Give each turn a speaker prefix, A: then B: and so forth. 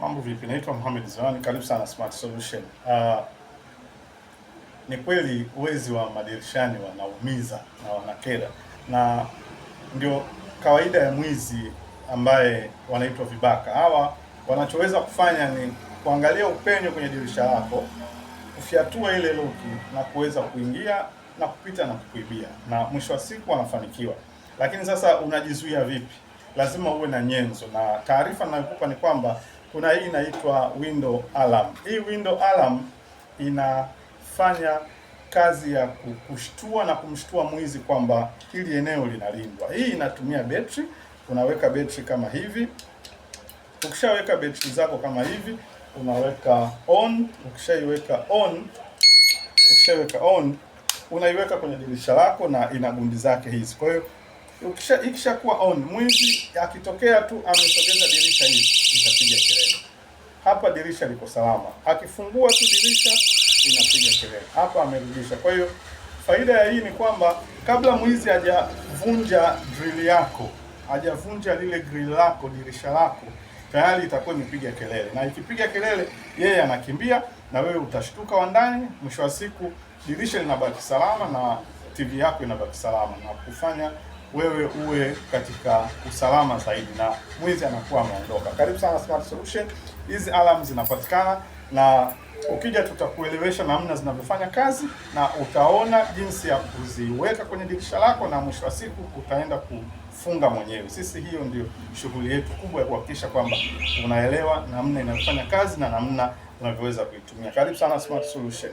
A: Mambo vipi? Naitwa Mohamed Zawani, karibu sana Smart Solution. Uh, ni kweli wezi wa madirishani wanaumiza na wanakera, na ndio kawaida ya mwizi ambaye wanaitwa vibaka. Hawa wanachoweza kufanya ni kuangalia upenyo kwenye dirisha lako, kufyatua ile loki na kuweza kuingia na kupita na kukuibia, na mwisho wa siku wanafanikiwa. Lakini sasa unajizuia vipi? Lazima uwe na nyenzo, na taarifa ninayokupa ni kwamba kuna hii inaitwa window alarm. Hii window alarm inafanya kazi ya kushtua na kumshtua mwizi kwamba hili eneo linalindwa. Hii inatumia betri, unaweka betri kama hivi. Ukishaweka betri zako kama hivi, unaweka on. Ukishaiweka on, ukishaiweka on, unaiweka kwenye dirisha lako na ina gundi zake hizi. Kwa hiyo ikishakuwa on, mwizi akitokea tu amesogeza dirisha hili hapa dirisha liko salama, akifungua tu dirisha inapiga kelele, hapa amerudisha. Kwa hiyo faida ya hii ni kwamba kabla mwizi hajavunja drill yako, hajavunja lile grill lako, dirisha lako tayari itakuwa imepiga kelele, na ikipiga kelele yeye anakimbia na wewe utashtuka wa ndani. Mwisho wa siku dirisha linabaki salama na TV yako inabaki salama na kufanya wewe uwe katika usalama zaidi na mwizi anakuwa ameondoka. Karibu sana Smart Solution. Hizi alarm zinapatikana na ukija tutakuelewesha namna zinavyofanya kazi na utaona jinsi ya kuziweka kwenye dirisha lako, na mwisho wa siku utaenda kufunga mwenyewe. Sisi hiyo ndio shughuli yetu kubwa ya kuhakikisha kwamba unaelewa namna inavyofanya kazi na namna unavyoweza kuitumia. Karibu sana Smart Solution.